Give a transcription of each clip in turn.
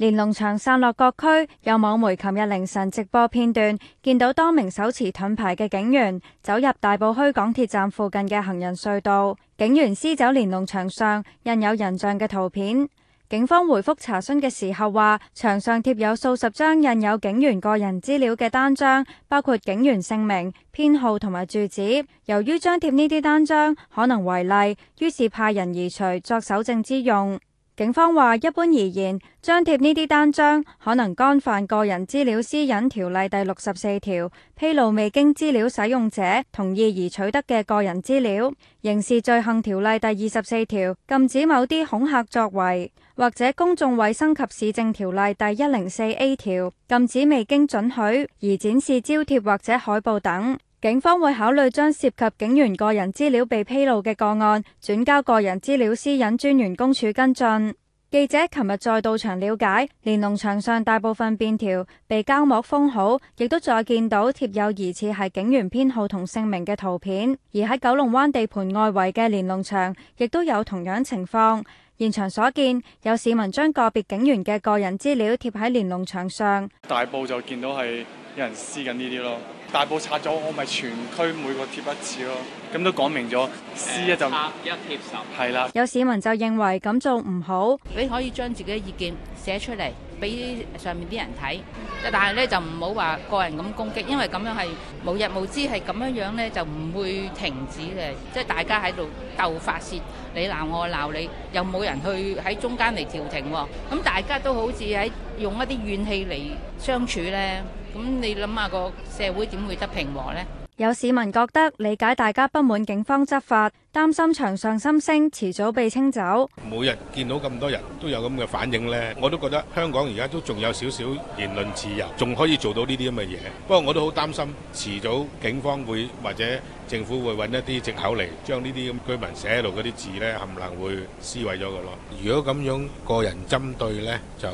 連儂牆散落各區，有網媒琴日凌晨直播片段，見到多名手持盾牌嘅警員走入大埔墟港鐵站附近嘅行人隧道，警員撕走連儂牆上印有人像嘅圖片。警方回覆查詢嘅時候話，牆上貼有數十張印有警員個人資料嘅單張，包括警員姓名、編號同埋住址。由於張貼呢啲單張可能違例，於是派人移除作搜證之用。警方話，一般而言，張貼呢啲單張可能干犯《個人資料私隱條例》第六十四條，披露未經資料使用者同意而取得嘅個人資料；《刑事罪行條例》第二十四條禁止某啲恐嚇作為，或者《公眾衛生及市政條例》第一零四 A 條禁止未經准許而展示招貼或者海報等。警方會考慮將涉及警員個人資料被披露嘅個案，轉交個人資料私隱專員公署跟進。記者琴日再到場了解，連儂牆上大部分便條被膠膜封好，亦都再見到貼有疑似係警員編號同姓名嘅圖片。而喺九龍灣地盤外圍嘅連儂牆，亦都有同樣情況。現場所見，有市民將個別警員嘅個人資料貼喺連儂牆上，大埔就見到係有人撕緊呢啲咯。大埔拆咗，我咪全區每個貼一次咯。咁都講明咗，撕一就貼十係啦。有市民就認為咁做唔好，你可以將自己嘅意見寫出嚟，俾上面啲人睇。但係咧就唔好話個人咁攻擊，因為咁樣係無日無之，係咁樣樣咧就唔會停止嘅。即係大家喺度鬥發泄，你鬧我鬧你，又冇人去喺中間嚟調停喎。咁大家都好似喺用一啲怨氣嚟相處咧。咁你諗下個社會點會得平和咧？有市民覺得理解大家不滿警方執法，擔心牆上心聲遲早被清走。每日見到咁多人都有咁嘅反應咧，我都覺得香港而家都仲有少少言論自由，仲可以做到呢啲咁嘅嘢。不過我都好擔心，遲早警方會或者政府會揾一啲藉口嚟將呢啲咁居民寫喺度嗰啲字咧，可能會撕毀咗㗎囉。如果咁樣個人針對咧，就。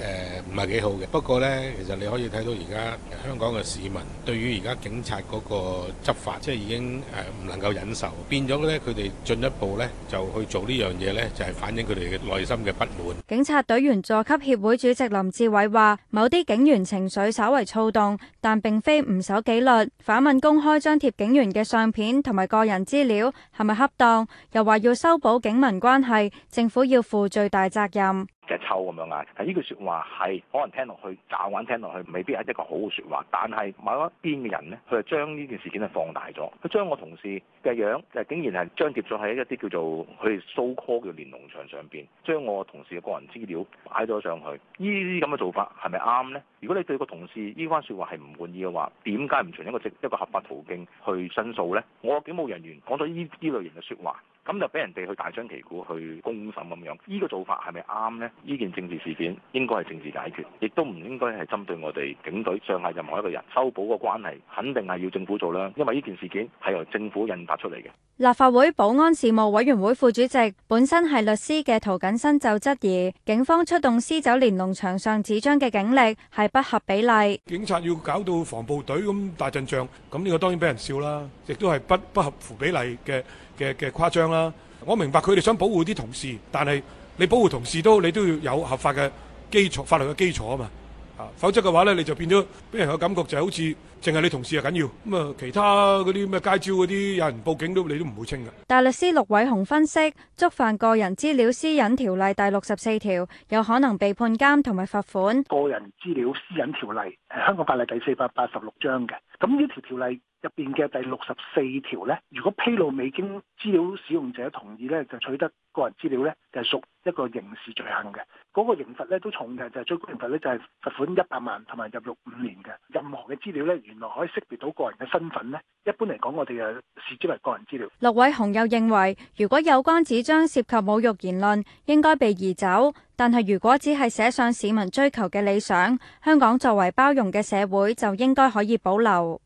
誒唔係幾好嘅，不過呢，其實你可以睇到而家香港嘅市民對於而家警察嗰個執法，即係已經誒唔能夠忍受，變咗嘅呢，佢哋進一步呢就去做呢樣嘢呢，就係反映佢哋嘅內心嘅不滿。警察隊員佐級協會主席林志偉話，某啲警員情緒稍為躁動，但並非唔守紀律。反問公開張貼警員嘅相片同埋個人資料係咪恰當？又話要修補警民關係，政府要負最大責任。抽咁樣嗌，但呢句説話係可能聽落去，驟眼聽落去，未必係一個好嘅説話。但係某一邊嘅人呢，佢就將呢件事件係放大咗，佢將我同事嘅樣，就竟然係將張貼咗喺一啲叫做佢哋 so call 叫連儂牆上邊，將我同事嘅個人資料擺咗上去。呢啲咁嘅做法係咪啱呢？如果你對個同事呢番説話係唔滿意嘅話，點解唔循一個正一個合法途徑去申訴呢？我警務人員講咗呢啲類型嘅説話。咁就俾人哋去大張旗鼓去公審咁樣，呢個做法係咪啱呢？呢件政治事件應該係政治解決，亦都唔應該係針對我哋警隊上下任何一個人。修補個關係肯定係要政府做啦，因為呢件事件係由政府引發出嚟嘅。立法會保安事務委員會副主席本身係律師嘅，涂謹申就質疑警方出動撕走連儂牆上紙張嘅警力係不合比例。警察要搞到防暴隊咁大陣仗，咁呢個當然俾人笑啦，亦都係不不合乎比例嘅。嘅嘅誇張啦，我明白佢哋想保護啲同事，但係你保護同事都你都要有合法嘅基礎，法律嘅基礎啊嘛，啊，否則嘅話咧你就變咗俾人嘅感覺，就好似淨係你同事啊緊要，咁啊其他嗰啲咩街招嗰啲有人報警都你都唔會清嘅。大律師陸偉雄分析觸犯個人資料私隱條例第六十四條有可能被判監同埋罰款。個人資料私隱條例香港法例第四百八十六章嘅，咁呢條條例。入邊嘅第六十四條呢，如果披露未經資料使用者同意咧，就取得個人資料咧，就係屬一個刑事罪行嘅。嗰個刑罰咧都重嘅，就係最高刑罰咧就係罰款一百萬同埋入獄五年嘅。任何嘅資料咧，原來可以識別到個人嘅身份呢，一般嚟講，我哋啊視之為個人資料。陸偉雄又認為，如果有關紙張涉及侮辱言論，應該被移走，但係如果只係寫上市民追求嘅理想，香港作為包容嘅社會就應該可以保留。